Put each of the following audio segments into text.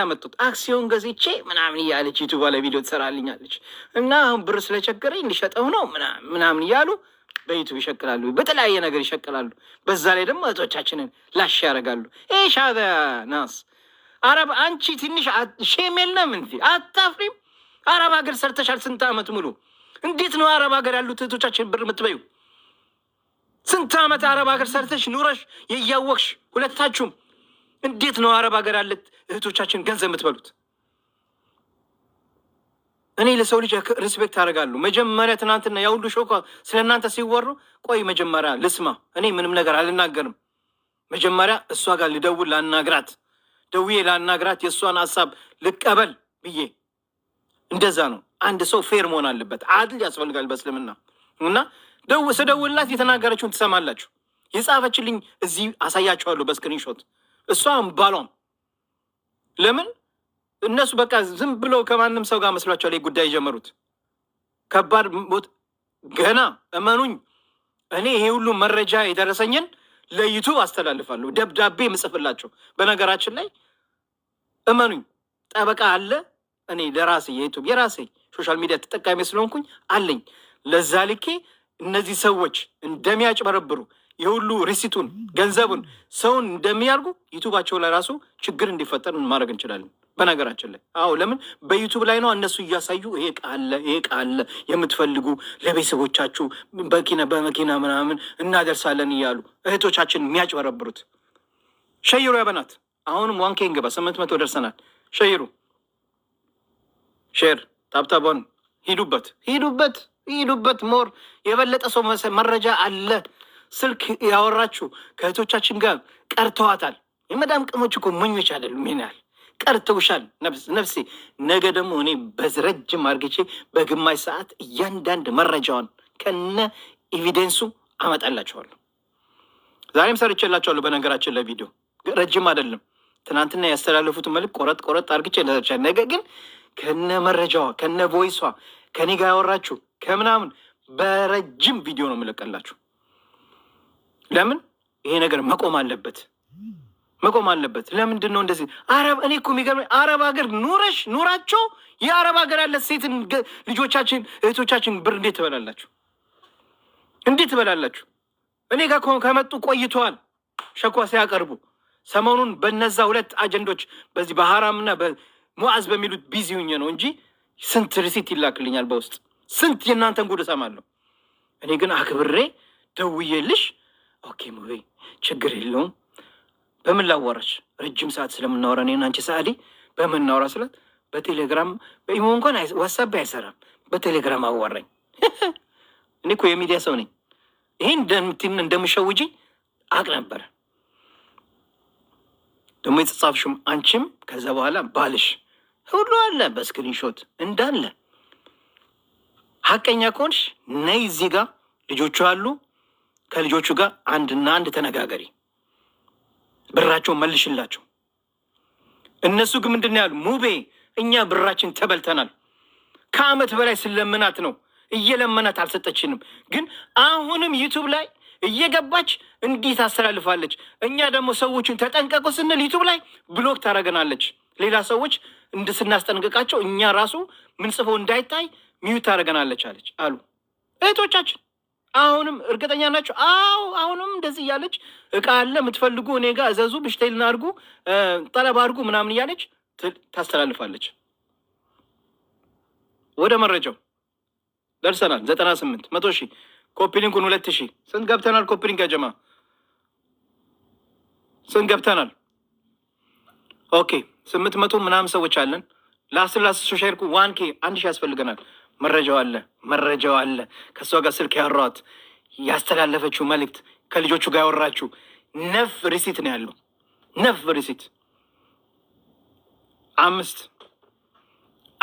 ያመጡት አክሲዮን ገዝቼ ምናምን እያለች ዩቱብ ላይ ቪዲዮ ትሰራልኛለች እና አሁን ብር ስለቸገረኝ ልሸጠው ነው ምናምን እያሉ በዩቱብ ይሸቅላሉ፣ በተለያየ ነገር ይሸቅላሉ። በዛ ላይ ደግሞ እህቶቻችንን ላሽ ያደርጋሉ። ሻደ ናስ አረብ አንቺ ትንሽ ሼም የለም እንዲ አታፍሪም? አረብ ሀገር ሰርተሻል ስንት ዓመት ሙሉ እንዴት ነው አረብ ሀገር ያሉት እህቶቻችን ብር የምትበዩ? ስንት ዓመት አረብ ሀገር ሰርተሽ ኑረሽ የያወቅሽ ሁለታችሁም እንዴት ነው አረብ ሀገር ያለ እህቶቻችን ገንዘብ የምትበሉት? እኔ ለሰው ልጅ ሪስፔክት አደርጋለሁ። መጀመሪያ ትናንትና ያሁሉ ሾ ስለ እናንተ ሲወሩ ቆይ መጀመሪያ ልስማ። እኔ ምንም ነገር አልናገርም። መጀመሪያ እሷ ጋር ልደውል ላናግራት፣ ደውዬ ላናግራት፣ የእሷን ሀሳብ ልቀበል ብዬ እንደዛ ነው። አንድ ሰው ፌር መሆን አለበት። አድል ያስፈልጋል በእስልምና እና ስደውልላት የተናገረችውን ትሰማላችሁ። የጻፈችልኝ እዚህ አሳያችኋለሁ በስክሪንሾት እሷም ባሏም ለምን እነሱ በቃ ዝም ብለው ከማንም ሰው ጋር መስሏቸዋል ጉዳይ የጀመሩት። ከባድ ሞት ገና እመኑኝ፣ እኔ ይሄ ሁሉ መረጃ የደረሰኝን ለዩቱብ አስተላልፋለሁ፣ ደብዳቤ ምጽፍላቸው። በነገራችን ላይ እመኑኝ፣ ጠበቃ አለ። እኔ ለራሴ የዩቱብ የራሴ ሶሻል ሚዲያ ተጠቃሚ ስለሆንኩኝ አለኝ። ለዛ ልኬ እነዚህ ሰዎች እንደሚያጭበረብሩ የሁሉ ሪሲቱን ገንዘቡን ሰውን እንደሚያርጉ ዩቱባቸው ላይ ራሱ ችግር እንዲፈጠር ማድረግ እንችላለን። በነገራችን ላይ አዎ፣ ለምን በዩቱብ ላይ ነው እነሱ እያሳዩ ይሄ ቃለ ይሄ ቃለ የምትፈልጉ ለቤተሰቦቻችሁ በኪነ በመኪና ምናምን እናደርሳለን እያሉ እህቶቻችን የሚያጭበረብሩት። ሸይሩ ያበናት አሁንም ዋንኬ እንግባ ስምንት መቶ ደርሰናል። ሸይሩ ሼር ታብታቧን ሂዱበት፣ ሂዱበት፣ ሂዱበት ሞር የበለጠ ሰው መረጃ አለ ስልክ ያወራችሁ ከእህቶቻችን ጋር ቀርተዋታል። የመዳም ቅሞች እኮ ሞኞች አይደሉም። ይሄን ያህል ቀርተውሻል ነፍሴ። ነገ ደግሞ እኔ በረጅም አርግቼ በግማሽ ሰዓት እያንዳንድ መረጃዋን ከነ ኤቪደንሱ አመጣላችኋለሁ። ዛሬም ሰርቼላችኋለሁ። በነገራችን ለቪዲዮ ረጅም አይደለም። ትናንትና ያስተላለፉት መልክ ቆረጥ ቆረጥ አርግቼ ለሰርቻ ነገ ግን ከነ መረጃዋ ከነ ቮይሷ ከኔ ጋር ያወራችሁ ከምናምን በረጅም ቪዲዮ ነው የምለቀላችሁ። ለምን ይሄ ነገር መቆም አለበት መቆም አለበት። ለምንድን ነው እንደዚህ አረብ? እኔ እኮ የሚገርመኝ አረብ ሀገር ኑረሽ ኑራቸው የአረብ ሀገር ያለ ሴትን ልጆቻችን እህቶቻችን ብር እንዴት ትበላላችሁ? እንዴት ትበላላችሁ? እኔ ጋ ከመጡ ቆይተዋል። ሸኳ ሲያቀርቡ ሰሞኑን በነዛ ሁለት አጀንዶች በዚህ በሀራምና በሙዓዝ በሚሉት ቢዚ ሁኜ ነው እንጂ ስንት ሪሲት ይላክልኛል በውስጥ ስንት የእናንተን ጉድ እሰማለሁ። እኔ ግን አክብሬ ደውዬልሽ ኦኬ ሙቤ ችግር የለውም። በምን ላዋራች? ረጅም ሰዓት ስለምናወራ እኔና አንቺ ሰዓሊ በምን እናወራ ስላት በቴሌግራም በኢሞ እንኳን ዋሳቢ አይሰራም። በቴሌግራም አዋራኝ። እኔ እኮ የሚዲያ ሰው ነኝ። ይሄን እንደምሸውጅኝ አቅ ነበረ። ደግሞ የተጻፍሽም አንቺም ከዛ በኋላ ባልሽ ሁሉ አለ በስክሪንሾት እንዳለ። ሀቀኛ ከሆንሽ ነይ እዚህ ጋር ልጆቹ አሉ ከልጆቹ ጋር አንድና አንድ ተነጋገሪ፣ ብራቸውን መልሽላቸው። እነሱ ግን ምንድን ያሉ ሙቤ፣ እኛ ብራችን ተበልተናል። ከአመት በላይ ስለምናት ነው እየለመናት አልሰጠችንም። ግን አሁንም ዩቱብ ላይ እየገባች እንዲህ ታስተላልፋለች። እኛ ደግሞ ሰዎችን ተጠንቀቁ ስንል ዩቱብ ላይ ብሎክ ታደርገናለች። ሌላ ሰዎች እንድ እኛ ራሱ ምንጽፈው እንዳይታይ ሚዩት ታደርገናለች አለች አሉ እህቶቻችን። አሁንም እርግጠኛ ናቸው። አዎ አሁንም እንደዚህ እያለች እቃ አለ የምትፈልጉ እኔ ጋር እዘዙ፣ ብሽተይልን አድርጉ፣ ጠለብ አድርጉ ምናምን እያለች ታስተላልፋለች። ወደ መረጃው ደርሰናል። ዘጠና ስምንት መቶ ሺህ ኮፒሊንኩን ሁለት ሺህ ስንት ገብተናል? ኮፒሊንክ ያጀማ ስንት ገብተናል? ኦኬ ስምንት መቶ ምናምን ሰዎች አለን። ለአስር ለአስር ሶሻይርኩ ዋን ኬ አንድ ሺህ ያስፈልገናል። መረጃው አለ መረጃው አለ። ከእሷ ጋር ስልክ ያወራት ያስተላለፈችው መልእክት ከልጆቹ ጋር ያወራችው ነፍ ሪሲት ነው ያለው። ነፍ ሪሲት አምስት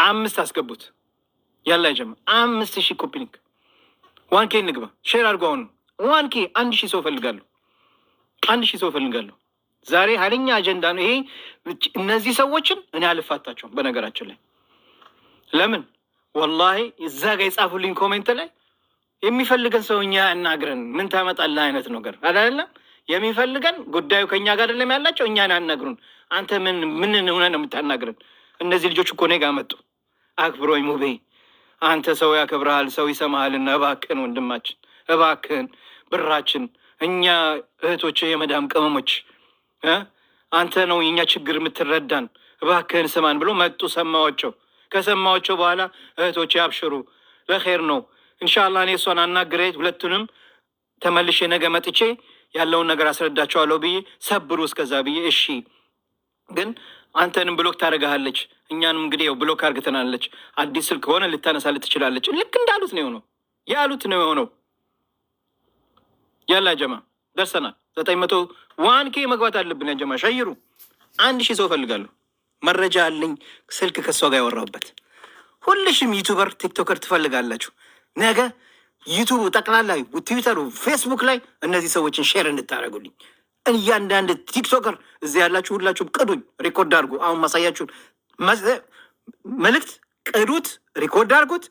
አምስት አስገቡት ያላ ጀም አምስት ሺህ ኮፒኒክ ዋን ኬ እንግባ ሼር አድርጎ አሁኑ ዋን ኬ አንድ ሺህ ሰው እፈልጋለሁ። አንድ ሺህ ሰው እፈልጋለሁ። ዛሬ ኃይለኛ አጀንዳ ነው ይሄ። እነዚህ ሰዎችን እኔ አልፋታቸውም በነገራችን ላይ ለምን ወላሂ እዛ ጋ የጻፉልኝ ኮሜንት ላይ የሚፈልገን ሰው እኛ እናግረን ምን ታመጣለህ አይነት ነገር አይደለም። የሚፈልገን ጉዳዩ ከእኛ ጋር አይደለም ያላቸው እኛን አናግሩን። አንተ ምን ምን ሆነ ነው የምታናግረን? እነዚህ ልጆች እኮ እኔ ጋ መጡ። አክብሮኝ ሙቤ፣ አንተ ሰው ያከብረሃል፣ ሰው ይሰማሃልና እባክህን ወንድማችን፣ እባክህን ብራችን፣ እኛ እህቶች፣ የመዳም ቅመሞች አንተ ነው የእኛ ችግር የምትረዳን፣ እባክህን ስማን ብሎ መጡ። ሰማዋቸው። ከሰማዎቸው በኋላ እህቶች ያብሽሩ ለኸይር ነው እንሻላ። እኔ እሷን አናግሬ ሁለቱንም ተመልሼ ነገ መጥቼ ያለውን ነገር አስረዳቸዋለሁ ብዬ ሰብሩ እስከዛ ብዬ እሺ። ግን አንተንም ብሎክ ታደርግሃለች፣ እኛንም እንግዲህ ያው ብሎክ አርግተናለች። አዲስ ስልክ ከሆነ ልታነሳልህ ትችላለች። ልክ እንዳሉት ነው የሆነው፣ ያሉት ነው የሆነው። ያላ ጀማ ደርሰናል። ዘጠኝ መቶ ዋንኬ መግባት አለብን። ያጀማ ሸይሩ አንድ ሺህ ሰው እፈልጋለሁ። መረጃ አለኝ። ስልክ ከእሷ ጋር ያወራሁበት። ሁልሽም ዩቱበር፣ ቲክቶከር ትፈልጋላችሁ ነገ ዩቱብ ጠቅላላ ትዊተሩ፣ ፌስቡክ ላይ እነዚህ ሰዎችን ሼር እንድታደርጉልኝ። እያንዳንድ ቲክቶከር እዚህ ያላችሁ ሁላችሁም ቅዱኝ፣ ሪኮርድ አድርጉ። አሁን ማሳያችሁን መልእክት ቅዱት፣ ሪኮርድ አድርጉት፣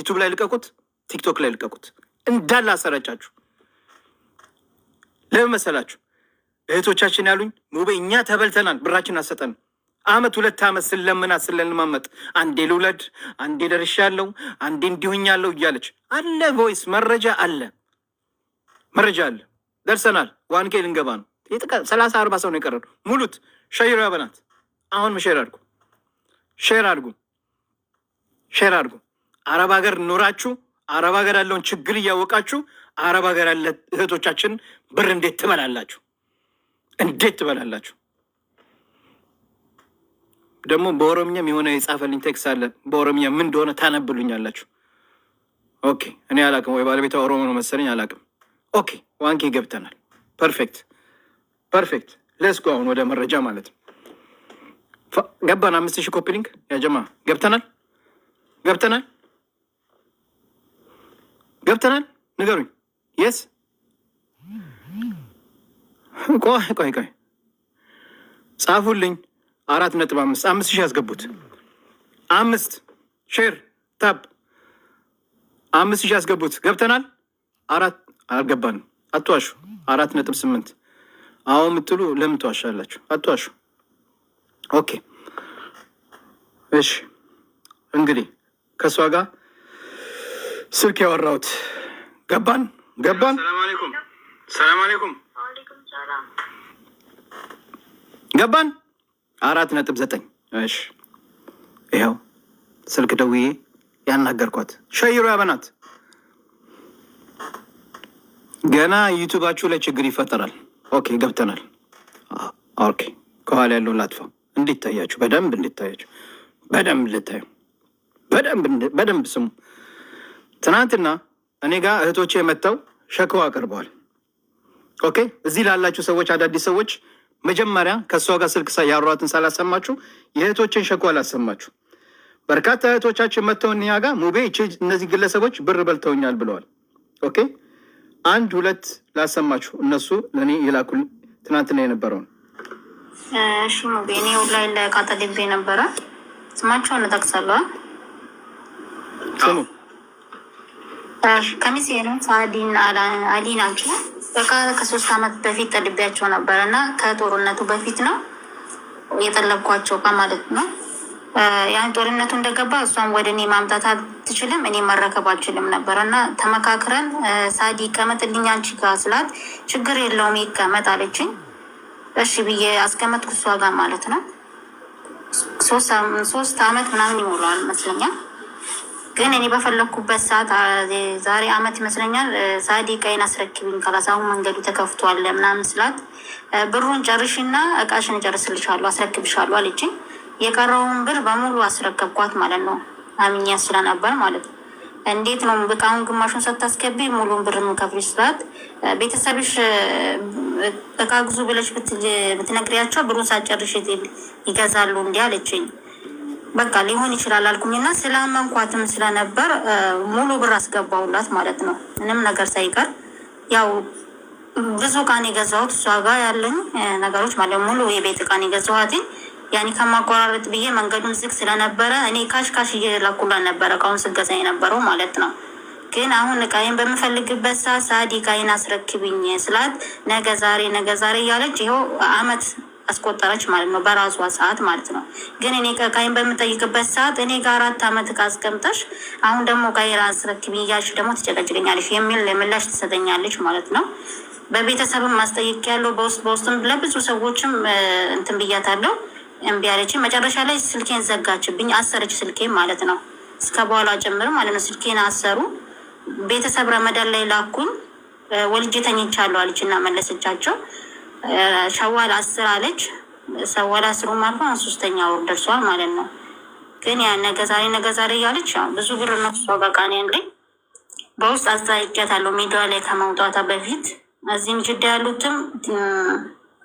ዩቱብ ላይ ልቀቁት፣ ቲክቶክ ላይ ልቀቁት። እንዳለ አሰረቻችሁ። ለምን መሰላችሁ? እህቶቻችን ያሉኝ ሙቤ፣ እኛ ተበልተናል፣ ብራችን አሰጠን አመት ሁለት አመት ስለምና ስለልማመጥ አንዴ ልውለድ፣ አንዴ ደርሻለሁ፣ አንዴ እንዲሆኛለሁ እያለች አለ። ቮይስ መረጃ አለ፣ መረጃ አለ። ደርሰናል። ዋንኬ ልንገባ ነው። ሰላሳ አርባ ሰው ነው የቀረ። ሙሉት ሸይሮ ያበናት አሁን ሼር አድርጉ፣ ሼር አድርጉ፣ ሼር አድርጉ። አረብ ሀገር ኖራችሁ አረብ ሀገር ያለውን ችግር እያወቃችሁ አረብ ሀገር ያለ እህቶቻችን ብር እንዴት ትበላላችሁ? እንዴት ትበላላችሁ? ደግሞ በኦሮምኛም የሆነ የጻፈልኝ ቴክስት አለ። በኦሮምኛ ምን እንደሆነ ታነብሉኛላችሁ። ኦኬ እኔ አላቅም፣ ወይ ባለቤቷ ኦሮሞ ነው መሰለኝ አላቅም። ኦኬ ዋንኬ ገብተናል። ፐርፌክት ፐርፌክት። ለስጎ አሁን ወደ መረጃ ማለት ነው ገባን። አምስት ሺህ ኮፒ ሊንክ ያጀማ ገብተናል፣ ገብተናል፣ ገብተናል። ንገሩኝ። የስ ቆይ ቆይ ቆይ ጻፉልኝ። አራት ነጥብ አምስት አምስት ሺህ ያስገቡት አምስት ሼር ታብ አምስት ሺህ ያስገቡት። ገብተናል። አራት አልገባን። አትዋሹ። አራት ነጥብ ስምንት አዎ የምትሉ ለምን ትዋሻላችሁ? አትዋሹ። ኦኬ እሺ። እንግዲህ ከእሷ ጋር ስልክ ያወራሁት ገባን ገባን። ሰላም አለይኩም ገባን አራት ነጥብ ዘጠኝ እሺ ይኸው ስልክ ደውዬ ያናገርኳት ሸይሮ ያበናት ገና ዩቱባችሁ ላይ ችግር ይፈጠራል። ኦኬ ገብተናል። ኦኬ ከኋላ ያለውን ላጥፋ፣ እንዲታያችሁ በደንብ እንዲታያችሁ በደንብ ልታዩ፣ በደንብ ስሙ። ትናንትና እኔ ጋር እህቶቼ መጥተው ሸክዋ አቅርበዋል። ኦኬ እዚህ ላላችሁ ሰዎች አዳዲስ ሰዎች መጀመሪያ ከእሷ ጋር ስልክ ያሯትን ሳላሰማችሁ የእህቶችን ሸኮ አላሰማችሁ። በርካታ እህቶቻችን መጥተው እኛ ጋር ሙቤ እነዚህ ግለሰቦች ብር በልተውኛል ብለዋል። ኦኬ አንድ ሁለት ላሰማችሁ። እነሱ ለእኔ የላኩል ትናንትና የነበረውን እሺ ሙቤ እኔ ላይ ለቃጠልቤ ነበረ ስማቸውን እጠቅሳለሁ። ስሙ ከሚሴ ነው ሳዲን አሊ ናቸው። በቃ ከሶስት አመት በፊት ጠልቢያቸው ነበር እና ከጦርነቱ በፊት ነው የጠለብኳቸው እቃ ማለት ነው። ያን ጦርነቱ እንደገባ እሷን ወደ እኔ ማምጣት አትችልም፣ እኔ መረከብ አልችልም ነበር እና ተመካክረን ሳዲ ይቀመጥልኝ አንቺ ጋ ስላት ችግር የለውም ይቀመጥ አለችኝ። እሺ ብዬ አስቀመጥኩ እሷ ጋር ማለት ነው። ሶስት አመት ምናምን ይሞላዋል መስለኛል። ግን እኔ በፈለግኩበት ሰዓት ዛሬ አመት ይመስለኛል ሳዲ ቀይን አስረክብኝ ካላሳሁን መንገዱ ተከፍቷል ምናምን ስላት ብሩን ጨርሽና እቃሽን ጨርስልሻሉ አስረክብሻሉ አለችኝ። የቀረውን ብር በሙሉ አስረከብኳት ማለት ነው። አምኛ ስለነበር ማለት ነው። እንዴት ነው በቃውን ግማሹን ሳታስገቢ ሙሉን ብር የምከፍልሽ ስላት ቤተሰብሽ እቃ ግዙ ብለሽ ብትነግሪያቸው ብሩን ሳጨርሽ ይገዛሉ እንዲህ አለችኝ። በቃ ሊሆን ይችላል አልኩኝና ስላመንኳትም ስለነበር ሙሉ ብር አስገባውላት ማለት ነው፣ ምንም ነገር ሳይቀር ያው ብዙ እቃን የገዛሁት እሷ ጋር ያለኝ ነገሮች ማለት ሙሉ የቤት እቃን የገዛኋትኝ ያኔ ከማቆራረጥ ብዬ መንገዱን ዝግ ስለነበረ እኔ ካሽ ካሽ እየላኩላን ነበረ እቃውን ስገዛ የነበረው ማለት ነው። ግን አሁን እቃዬን በምፈልግበት ሰዓት ሳዲ እቃዬን አስረክብኝ ስላት ነገ ዛሬ ነገ ዛሬ እያለች ይኸው አመት አስቆጠረች ማለት ነው፣ በራሷ ሰዓት ማለት ነው። ግን እኔ ቀቃይን በምጠይቅበት ሰዓት እኔ ጋር አራት ዓመት ካስቀምጠሽ አሁን ደግሞ ቀይራ አስረክቢ እያልሽ ደግሞ ትጨቀጭቀኛለሽ የሚል ምላሽ ትሰጠኛለች ማለት ነው። በቤተሰብም ማስጠየቅ ያለው በውስጥ በውስጥም ለብዙ ሰዎችም እንትን ብያታለው፣ እምቢ መጨረሻ ላይ ስልኬን ዘጋችብኝ፣ አሰረች ስልኬን ማለት ነው። እስከ በኋላ ጀምር ማለት ነው። ስልኬን አሰሩ። ቤተሰብ ረመዳን ላይ ላኩኝ። ወልጄ ተኝቻለሁ አለች እና መለሰቻቸው። ሸዋል አስር አለች። ሰዋል አስሩ ማለት ነው ሶስተኛ ወር ደርሷል ማለት ነው። ግን ያ ነገ ዛሬ ነገ ዛሬ እያለች ብዙ ብር ነው እሷ በቃ እኔ ያለኝ በውስጥ አለው ሚዲያ ላይ ከመውጣቷ በፊት እዚህም ጅዳ ያሉትም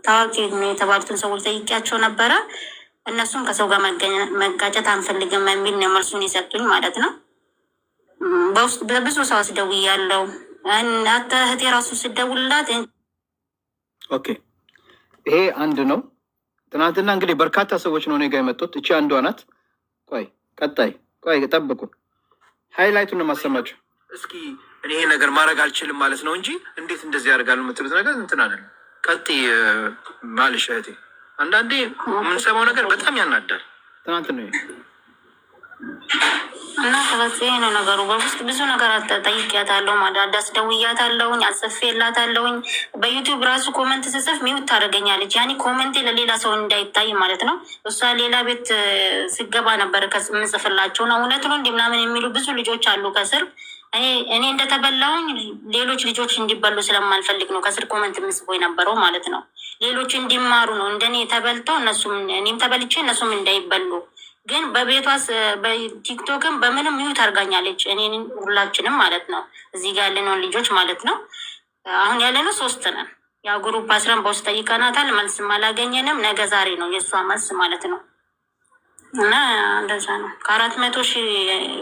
ታዋቂ የተባሉትን ሰዎች ጠይቂያቸው ነበረ። እነሱም ከሰው ጋር መጋጨት አንፈልግም የሚል ነው መልሱን የሰጡኝ ማለት ነው። በውስጥ በብዙ ሰው አስደውያለሁ። እህቴ ራሱ ስደውልላት ኦኬ ይሄ አንድ ነው። ትናንትና እንግዲህ በርካታ ሰዎች ነው እኔ ጋ የመጡት። እቺ አንዷ ናት። ቆይ ቀጣይ፣ ቆይ ጠብቁ፣ ሃይላይቱን ነው የማሰማቸው። እስኪ እኔ ይሄ ነገር ማድረግ አልችልም ማለት ነው እንጂ እንዴት እንደዚህ ያደርጋሉ የምትሉት ነገር እንትን አለ። ቀጥይ ማልሽ እህቴ፣ አንዳንዴ የምንሰማው ነገር በጣም ያናዳል። ትናንት ነው እና ከበዚህ ነው ነገሩ። በውስጥ ብዙ ነገር ጠይቅያታለሁ፣ ማዳዳስ ደውያታለሁኝ፣ አጽፌላታለሁኝ። በዩቱብ ራሱ ኮመንት ስጽፍ ሚውት ታደርገኛለች። ያኔ ኮመንቴ ለሌላ ሰው እንዳይታይ ማለት ነው። እሷ ሌላ ቤት ስገባ ነበር ምጽፍላቸው ነው። እውነት ነው እንዲህ ምናምን የሚሉ ብዙ ልጆች አሉ ከስር። እኔ እንደተበላውኝ ሌሎች ልጆች እንዲበሉ ስለማልፈልግ ነው ከስር ኮመንት የምጽፎ የነበረው ማለት ነው። ሌሎች እንዲማሩ ነው እንደኔ ተበልተው እነሱም እኔም ተበልቼ እነሱም እንዳይበሉ ግን በቤቷ በቲክቶክም በምንም ይሁት አርጋኛለች እኔን ሁላችንም ማለት ነው እዚህ ጋር ያለነውን ልጆች ማለት ነው። አሁን ያለነው ሶስት ነን። ያው ግሩፕ አስረን በውስጥ ጠይቀናታል። መልስም አላገኘንም። ነገ ዛሬ ነው የእሷ መልስ ማለት ነው። እና እንደዛ ነው። ከአራት መቶ ሺህ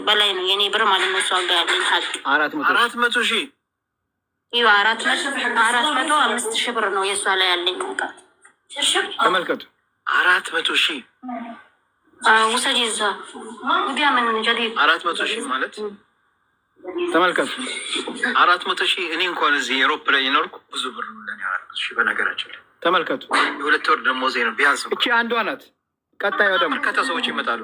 በላይ ነው የኔ ብር ማለት ነው። እሷ ጋር ያለኝ ሀቅ አራት መቶ ሺህ አራት መቶ አምስት ሺህ ብር ነው የእሷ ላይ ያለኝ ነገር። ተመልከቱ አራት መቶ ሺህ ውሰጅ ዛ እንግዲያ ምን ጀዴ አራት መቶ ሺህ ማለት ተመልከቱ፣ አራት መቶ ሺህ እኔ እንኳን እዚህ ኤሮፕ ላይ የኖርኩ ብዙ ብር ነው ለኔ አራት መቶ ሺህ በነገራችን ላይ ተመልከቱ። የሁለት ወር ደግሞ ዜ ነው ቢያንስ። እቺ አንዷ ናት። ቀጣዩ ደግሞ በርካታ ሰዎች ይመጣሉ።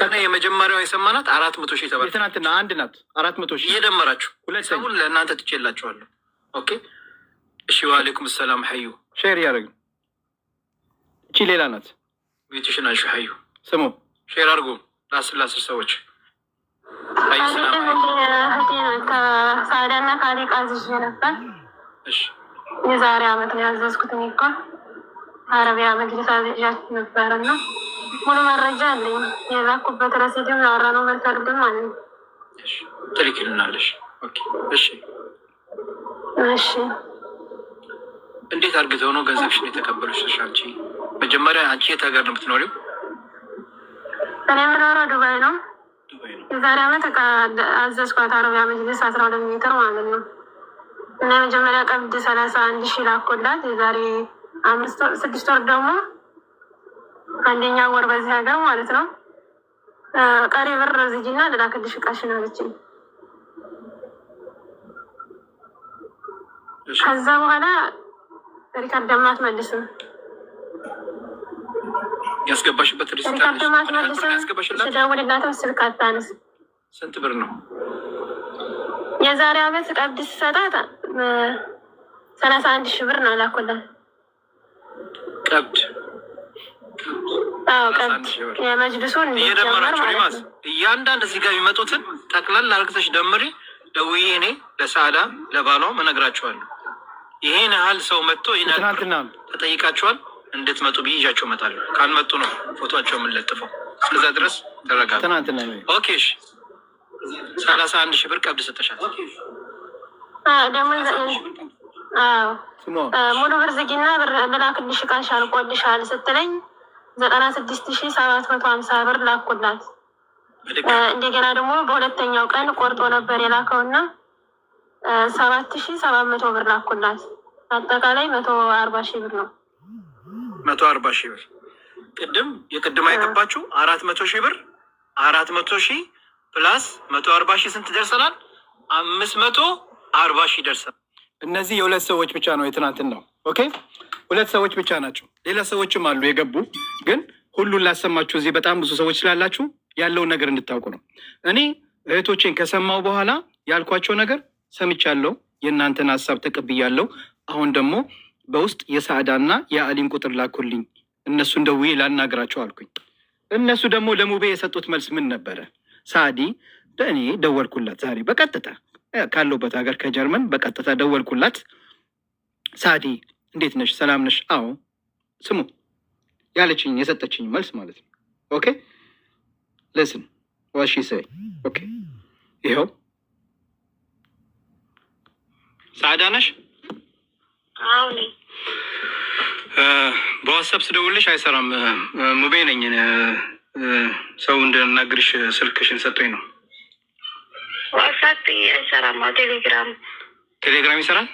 ቀጣ የመጀመሪያው የሰማናት አራት መቶ ሺህ ተባለ። ትናንትና አንድ ናት። አራት መቶ ሺህ እየደመራችሁ ሁለት ሰውን ለእናንተ ትቼላችኋለሁ። ኦኬ እሺ። ዋሌኩም ሰላም ሀዩ ሼር ያደረግ እቺ ሌላ ናት። ቤትሽን አሹ ሀዩ ስሙ ሼር አድርጉ ለአስር ለአስር ሰዎች ሳዳና ከአሪቃ ዝዤ ነበር። የዛሬ አመት ነው ያዘዝኩት። እኮ አረቢያ መጅሊስ አዝዣችሁ ነበር እና ሙሉ መረጃ አለኝ። የላኩበት ረሲድም ያወራ ነው ማለት አለ ትልክልናለሽ። እሺ እሺ። እንዴት አርግተው ነው ገንዘብሽን የተቀበሉሽ? አንቺ መጀመሪያ አንቺ የት ሀገር ነው የምትኖሪው? እኔ ምኖረው ዱባይ ነው። የዛሬ አመት አዘዝኳት አረቢያ መጅልስ አስራ ሁለት ሜትር ማለት ነው እና የመጀመሪያ ቀብድ ሰላሳ አንድ ሺ ላኮላት። የዛሬ አምስት ወር ስድስት ወር ደግሞ አንደኛ ወር በዚህ ሀገር ማለት ነው ቀሪ ብር ዝጅና ልላክልሽ እቃሽን አለችኝ። ከዛ በኋላ ሪካርድ ደማት አትመልስም ያስገባሽበት ስንት ብር ነው? የዛሬ አመት ቀብድ ሲሰጣት ሰላሳ አንድ ሺህ ብር ነው ላኩላት። ቀብድ ቀብድ የመጅልሱን እየደመራችሁ እያንዳንድ እዚህ ጋር የሚመጡትን ጠቅላላ አርግተሽ ደምሪ። ደውዬ እኔ ለሰዓዳ ለባሏ እነግራችኋለሁ። ይሄን ያህል ሰው መጥቶ ይህን ተጠይቃቸዋል። እንድትመጡ ብዬ ይዣቸው እመጣለሁ። ካልመጡ ነው ፎቶቸው የምንለጥፈው። እስከዛ ድረስ ተረጋጋ። ትናንትና ኦኬ፣ እሺ። ሰላሳ አንድ ሺህ ብር ቀብድ ሰጠሻል። ሙሉ ብር ዝጊና ብላክልሽ እቃሽ አልቆልሻል ስትለኝ ዘጠና ስድስት ሺህ ሰባት መቶ ሀምሳ ብር ላኩላት። እንደገና ደግሞ በሁለተኛው ቀን ቆርጦ ነበር የላከውና ሰባት ሺህ ሰባት መቶ ብር ላኩላት። አጠቃላይ መቶ አርባ ሺህ ብር ነው መቶ አርባ ሺህ ብር ቅድም የቅድም አይገባችሁ አራት መቶ ሺህ ብር አራት መቶ ሺህ ፕላስ መቶ አርባ ሺህ ስንት ደርሰናል? አምስት መቶ አርባ ሺህ ደርሰናል። እነዚህ የሁለት ሰዎች ብቻ ነው የትናንትን ነው። ኦኬ ሁለት ሰዎች ብቻ ናቸው። ሌላ ሰዎችም አሉ የገቡ ግን ሁሉን ላሰማችሁ እዚህ በጣም ብዙ ሰዎች ስላላችሁ ያለውን ነገር እንድታውቁ ነው። እኔ እህቶቼን ከሰማው በኋላ ያልኳቸው ነገር ሰምቻለሁ፣ የእናንተን ሀሳብ ተቀብያለሁ። አሁን ደግሞ በውስጥ የሳዕዳና የአሊን ቁጥር ላኩልኝ እነሱን ደውዬ ላናግራቸው አልኩኝ። እነሱ ደግሞ ለሙቤ የሰጡት መልስ ምን ነበረ? ሳዲ ለእኔ ደወልኩላት፣ ዛሬ በቀጥታ ካለሁበት ሀገር ከጀርመን በቀጥታ ደወልኩላት። ሳዲ እንዴት ነሽ? ሰላም ነሽ? አዎ ስሙ ያለችኝ የሰጠችኝ መልስ ማለት ነው። ኦኬ ዋሺ ሰይ ኦኬ ይኸው ሳዕዳ ነሽ በዋትሳፕ ስደውልሽ አይሰራም። ሙቤ ነኝ። ሰው እንደናግርሽ ስልክሽን ሰጠኝ ነው። ዋትሳፕ አይሰራም። ቴሌግራም ቴሌግራም ይሰራል።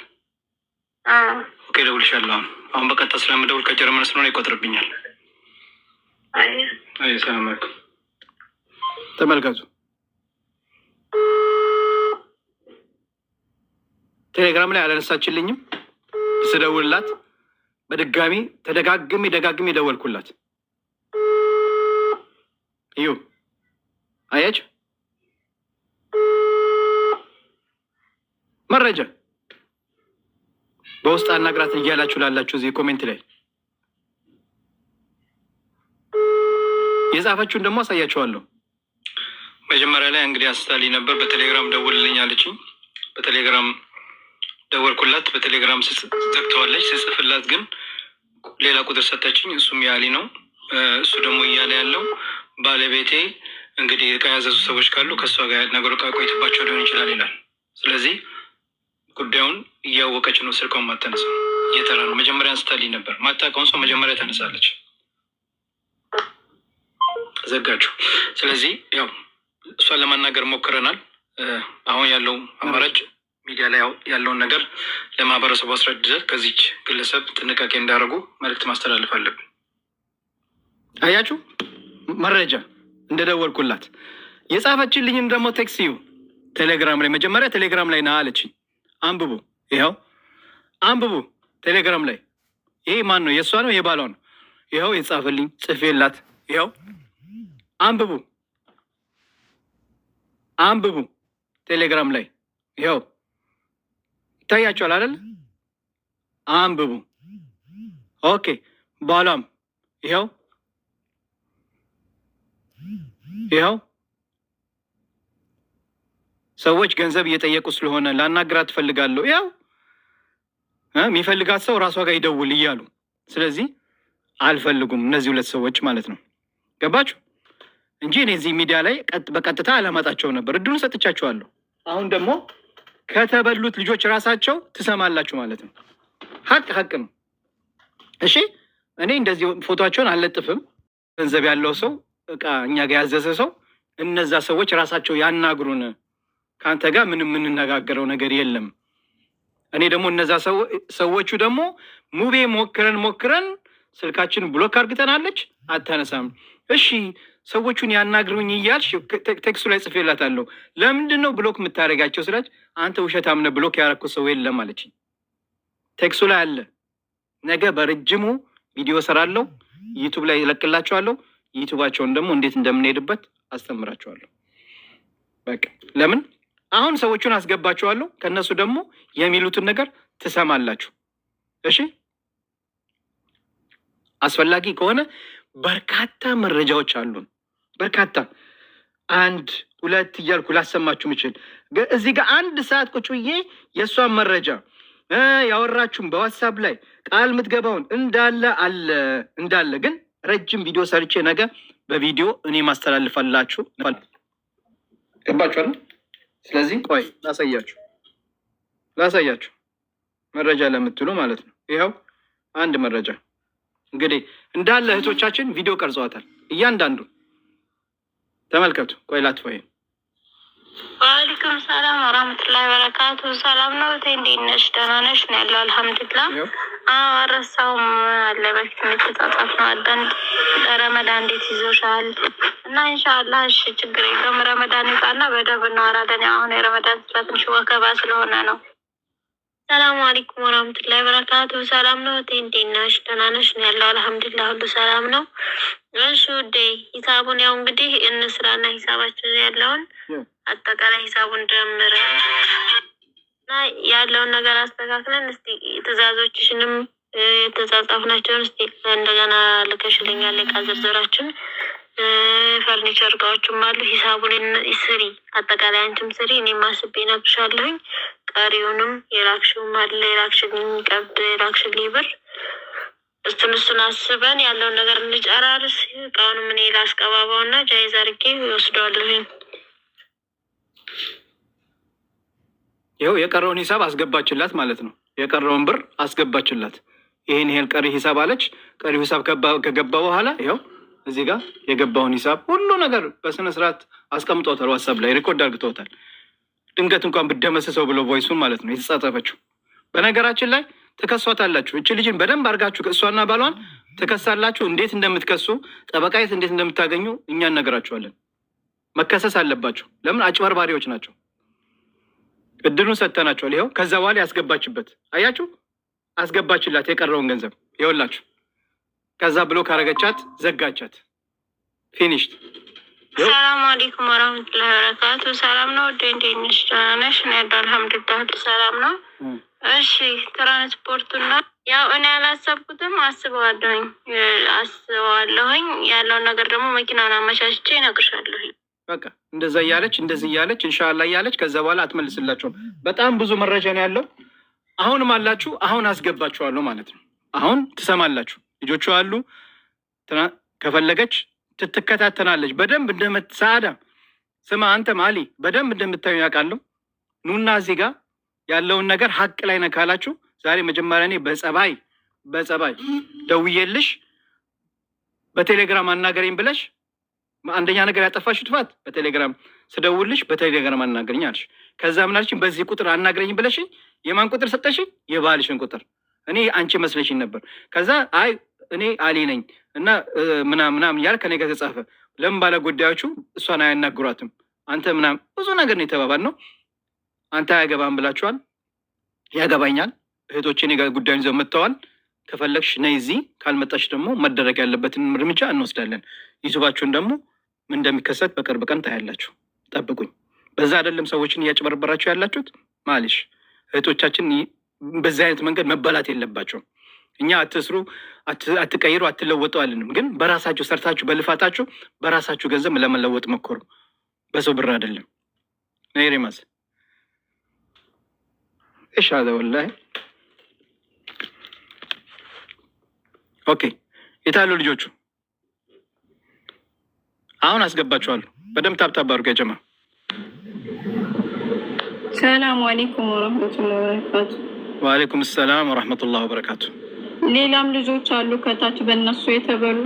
ኦኬ፣ እደውልልሻለሁ። አሁን አሁን በቀጥታ ስለምደውል ከጀርመን ስለሆነ ይቆጥርብኛል። አይ ሰላም አለኩም። ተመልከቱ፣ ቴሌግራም ላይ አላነሳችልኝም። ስደውልላት በድጋሚ ተደጋግሜ ደጋግሜ ደወልኩላት። እዩ አያች መረጃ በውስጥ አናግራት እያላችሁ ላላችሁ እዚህ ኮሜንት ላይ የጻፈችውን ደግሞ አሳያችኋለሁ። መጀመሪያ ላይ እንግዲህ አስታሊ ነበር። በቴሌግራም ደውልልኝ አለችኝ። በቴሌግራም ደወልኩላት በቴሌግራም ዘግተዋለች። ስጽፍላት ግን ሌላ ቁጥር ሰጠችኝ። እሱም ያሊ ነው። እሱ ደግሞ እያለ ያለው ባለቤቴ እንግዲህ ከያዘዙ ያዘዙ ሰዎች ካሉ ከእሷ ጋር ነገሩ እቃ ሊሆን ይችላል ይላል። ስለዚህ ጉዳዩን እያወቀች ነው ስልኳን ማተነሳ እየተራ ነው። መጀመሪያ አንስታልኝ ነበር። ማታውቀውን ሰው መጀመሪያ ተነሳለች፣ ዘጋችሁ። ስለዚህ ያው እሷን ለማናገር ሞክረናል። አሁን ያለው አማራጭ ሚዲያ ላይ ያለውን ነገር ለማህበረሰቡ አስረድተን ከዚች ግለሰብ ጥንቃቄ እንዳደረጉ መልእክት ማስተላለፍ አለብን። አያችሁ መረጃ እንደደወልኩላት የጻፈችልኝም ደግሞ ቴክስ ዩ ቴሌግራም ላይ መጀመሪያ ቴሌግራም ላይ ና አለችኝ። አንብቡ፣ ይኸው አንብቡ ቴሌግራም ላይ ይሄ ማን ነው? የእሷ ነው የባሏ ነው? ይኸው የጻፈልኝ ጽፌላት፣ ይኸው አንብቡ አንብቡ ቴሌግራም ላይ ይኸው ይታያቸዋል አይደል? አንብቡ። ኦኬ። በኋላም ይኸው ይኸው ሰዎች ገንዘብ እየጠየቁ ስለሆነ ላናግራት ትፈልጋለሁ፣ ያው የሚፈልጋት ሰው ራሷ ጋር ይደውል እያሉ ስለዚህ አልፈልጉም። እነዚህ ሁለት ሰዎች ማለት ነው። ገባችሁ? እንጂ እኔ እዚህ ሚዲያ ላይ በቀጥታ አላመጣቸውም ነበር። እድሉን ሰጥቻችኋለሁ። አሁን ደግሞ ከተበሉት ልጆች ራሳቸው ትሰማላችሁ ማለት ነው። ሀቅ ሀቅ ነው። እሺ እኔ እንደዚህ ፎቶቸውን አልለጥፍም። ገንዘብ ያለው ሰው እቃ እኛ ጋር ያዘዘ ሰው እነዛ ሰዎች ራሳቸው ያናግሩን። ከአንተ ጋር ምንም የምንነጋገረው ነገር የለም። እኔ ደግሞ እነዛ ሰዎቹ ደግሞ ሙቤ ሞክረን ሞክረን ስልካችን ብሎክ አርግተናለች፣ አታነሳም። እሺ ሰዎቹን ያናግሩኝ እያልሽ ቴክስቱ ላይ ጽፌላታለሁ። ለምንድን ነው ብሎክ የምታደርጋቸው ስላች አንተ ውሸታም ነህ ብሎክ ያረኩ ሰው የለም አለችኝ። ቴክሱ ላይ አለ። ነገ በረጅሙ ቪዲዮ ሰራለሁ፣ ዩቱብ ላይ ይለቅላቸዋለሁ። ዩቱባቸውን ደግሞ እንዴት እንደምንሄድበት አስተምራቸዋለሁ። በቃ ለምን አሁን ሰዎቹን አስገባቸዋለሁ። ከእነሱ ደግሞ የሚሉትን ነገር ትሰማላችሁ። እሺ፣ አስፈላጊ ከሆነ በርካታ መረጃዎች አሉን። በርካታ አንድ ሁለት እያልኩ ላሰማችሁ ምችል እዚህ ጋር አንድ ሰዓት ቁጭ ብዬ የእሷን መረጃ ያወራችሁም በዋትሳፕ ላይ ቃል የምትገባውን እንዳለ አለ እንዳለ ግን ረጅም ቪዲዮ ሰርቼ ነገ በቪዲዮ እኔ ማስተላልፋላችሁ። ገባችኋል? ስለዚህ ቆይ ላሳያችሁ ላሳያችሁ መረጃ ለምትሉ ማለት ነው። ይኸው አንድ መረጃ እንግዲህ እንዳለ እህቶቻችን ቪዲዮ ቀርጸዋታል እያንዳንዱ ተመልከቱ። ቆይ ላትፎይ ዋአሊኩም ሰላም ወራህመቱላሂ ወበረካቱ። ሰላም ነው እቴ፣ እንዴት ነሽ? ደህና ነሽ ነው ያለው። አልሐምዱሊላህ። አረሳውም አለ በፊት የምትጻጻፍ ነው አዳን ረመዳን እንዴት ይዞሻል? እና ኢንሻአላህ እሺ፣ ችግር የለውም። ረመዳን ይውጣና በደብ እናወራለን። አሁን የረመዳን ስራ ትንሽ ወከባ ስለሆነ ነው። ሰላም አለይኩም ወራህመቱላሂ ወበረካቱ። ሰላም ነው እቴ፣ እንዴት ነሽ? ደህና ነሽ ነው ያለው። አልሐምዱሊላህ፣ ሁሉ ሰላም ነው። እሺ ውዴ ሂሳቡን ያው እንግዲህ እንስራና ሂሳባችን ያለውን አጠቃላይ ሂሳቡን ደምረ እና ያለውን ነገር አስተካክለን እስቲ ትእዛዞችሽንም የተጻጻፍናቸውን እስቲ እንደገና ልከሽልኛል። ዕቃ ዝርዝራችን፣ ፈርኒቸር እቃዎችም አሉ። ሂሳቡን ስሪ፣ አጠቃላይ አንቺም ስሪ፣ እኔም አስቤ እነግርሻለሁኝ። ቀሪውንም የላክሽውም አለ የላክሽልኝ ቀብድ የላክሽልኝ ብር እሱን እሱን አስበን ያለውን ነገር እንጨራርስ። እቃውን ምን ላስቀባባው እና ጃይዝ አድርጌ ይወስደዋለሁኝ። ይኸው የቀረውን ሂሳብ አስገባችላት ማለት ነው። የቀረውን ብር አስገባችላት። ይህን ይሄን ቀሪ ሂሳብ አለች። ቀሪ ሂሳብ ከገባ በኋላ ይኸው እዚህ ጋር የገባውን ሂሳብ ሁሉ ነገር በስነ ስርዓት አስቀምጦታል። ዋትሳፕ ላይ ሪኮርድ አድርግተውታል። ድንገት እንኳን ብደመስሰው ብሎ ቮይሱን ማለት ነው የተጻጸፈችው በነገራችን ላይ ትከሷታላችሁ። እች ልጅን በደንብ አድርጋችሁ እሷና ባሏን ትከሳላችሁ። እንዴት እንደምትከሱ ጠበቃ የት እንዴት እንደምታገኙ እኛ እነግራችኋለን። መከሰስ አለባቸው። ለምን አጭበርባሪዎች ናቸው። እድሉን ሰጥተናቸዋል። ይኸው ከዛ በኋላ ያስገባችበት አያችሁ፣ አስገባችላት የቀረውን ገንዘብ ይኸውላችሁ። ከዛ ብሎ ካረገቻት ዘጋቻት። ፊኒሽ ሰላም አለይኩም ወራህመቱላሂ ወበረካቱ። ሰላም ነው ወደ እንዴት ነሽ? ደህና ሰላም ነው። እሺ ትራንስፖርቱና ያው እኔ ያላሰብኩትም አስበዋለሁኝ አስበዋለሁኝ ያለውን ነገር ደግሞ መኪናውን አመቻችቼ እነግርሻለሁኝ። በቃ እንደዛ እያለች እንደዚህ እያለች እንሻላ እያለች ከዛ በኋላ አትመልስላቸውም በጣም ብዙ መረጃ ነው ያለው። አሁንም አላችሁ፣ አሁን አስገባችኋለሁ ማለት ነው። አሁን ትሰማላችሁ። ልጆቹ አሉ። ከፈለገች ትትከታተናለች በደንብ እንደምትሳዳ ስማ፣ አንተም አሊ በደንብ እንደምታዩ ያውቃለሁ። ኑና እዚህ ጋር ያለውን ነገር ሀቅ ላይ ነህ ካላችሁ ዛሬ መጀመሪያ እኔ በጸባይ በጸባይ ደውዬልሽ በቴሌግራም አናገረኝ ብለሽ አንደኛ ነገር ያጠፋሽው ጥፋት በቴሌግራም ስደውልሽ በቴሌግራም አናገረኝ አለሽ። ከዛ ምን በዚህ ቁጥር አናገረኝ ብለሽኝ የማን ቁጥር ሰጠሽኝ? የባልሽን ቁጥር። እኔ አንቺ መስለሽኝ ነበር። ከዛ አይ እኔ አሊ ነኝ እና ምናም ያል ከኔ ጋር ተጻፈ። ለምን ባለ ጉዳዮቹ እሷን አያናግሯትም አንተ ምናም ብዙ ነገር ነው የተባባል ነው አንተ አያገባም ብላችኋል። ያገባኛል። እህቶችን ጉዳዩን ይዘው መጥተዋል። ከፈለግሽ ነይ እዚህ፣ ካልመጣሽ ደግሞ መደረግ ያለበትን እርምጃ እንወስዳለን። ይዙባችሁን ደግሞ ምን እንደሚከሰት በቅርብ ቀን ታያላችሁ። ጠብቁኝ። በዛ አይደለም ሰዎችን እያጭበረበራችሁ ያላችሁት ማልሽ እህቶቻችን በዚህ አይነት መንገድ መበላት የለባቸውም። እኛ አትስሩ፣ አትቀይሩ፣ አትለወጡ አልንም። ግን በራሳችሁ ሰርታችሁ በልፋታችሁ በራሳችሁ ገንዘብ ለመለወጥ መኮሩ፣ በሰው ብር አይደለም። ነይ ሬማስ ايش هذا والله ኦኬ የታሉ ልጆቹ አሁን አስገባችኋለሁ በደምብ ታብታብ አድርጉ ያጀማ ሰላሙ አሌይኩም ወረመቱላ ወበረካቱ ወአሌይኩም ሰላም ወረህመቱላ ወበረካቱ ሌላም ልጆች አሉ ከታች በእነሱ የተበሉ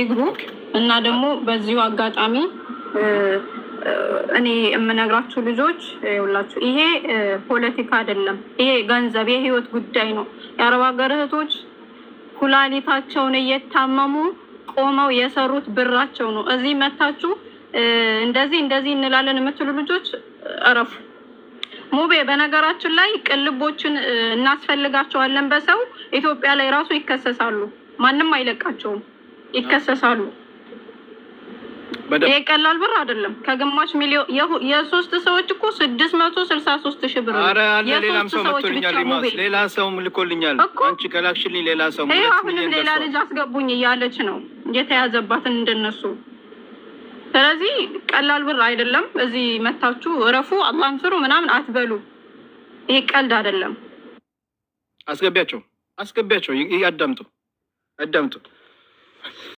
ይግቡ እና ደግሞ በዚሁ አጋጣሚ እኔ የምነግራችሁ ልጆች ሁላችሁ ይሄ ፖለቲካ አይደለም። ይሄ ገንዘብ የህይወት ጉዳይ ነው። የአረብ ሀገር እህቶች ኩላሊታቸውን እየታመሙ ቆመው የሰሩት ብራቸው ነው። እዚህ መታችሁ እንደዚህ እንደዚህ እንላለን የምትሉ ልጆች እረፉ። ሙቤ በነገራችን ላይ ቅልቦችን እናስፈልጋቸዋለን። በሰው ኢትዮጵያ ላይ ራሱ ይከሰሳሉ። ማንም አይለቃቸውም፣ ይከሰሳሉ። የቀላል ብር አይደለም። ከግማሽ ሚሊዮን የሶስት ሰዎች እኮ ስድስት መቶ ስልሳ ሶስት ሺህ ብር ሌላም ሰው መቶልኛል። ሌላ ሰውም ልኮልኛል። አንቺ ከላክሽልኝ ሌላ ሰው አሁንም ሌላ ልጅ አስገቡኝ እያለች ነው የተያዘባትን እንደነሱ። ስለዚህ ቀላል ብር አይደለም። እዚህ መታችሁ እረፉ፣ አላህን ፍሩ ምናምን አትበሉ። ይሄ ቀልድ አይደለም። አስገቢያቸው፣ አስገቢያቸው። ይህ አዳምጡ፣ አዳምጡ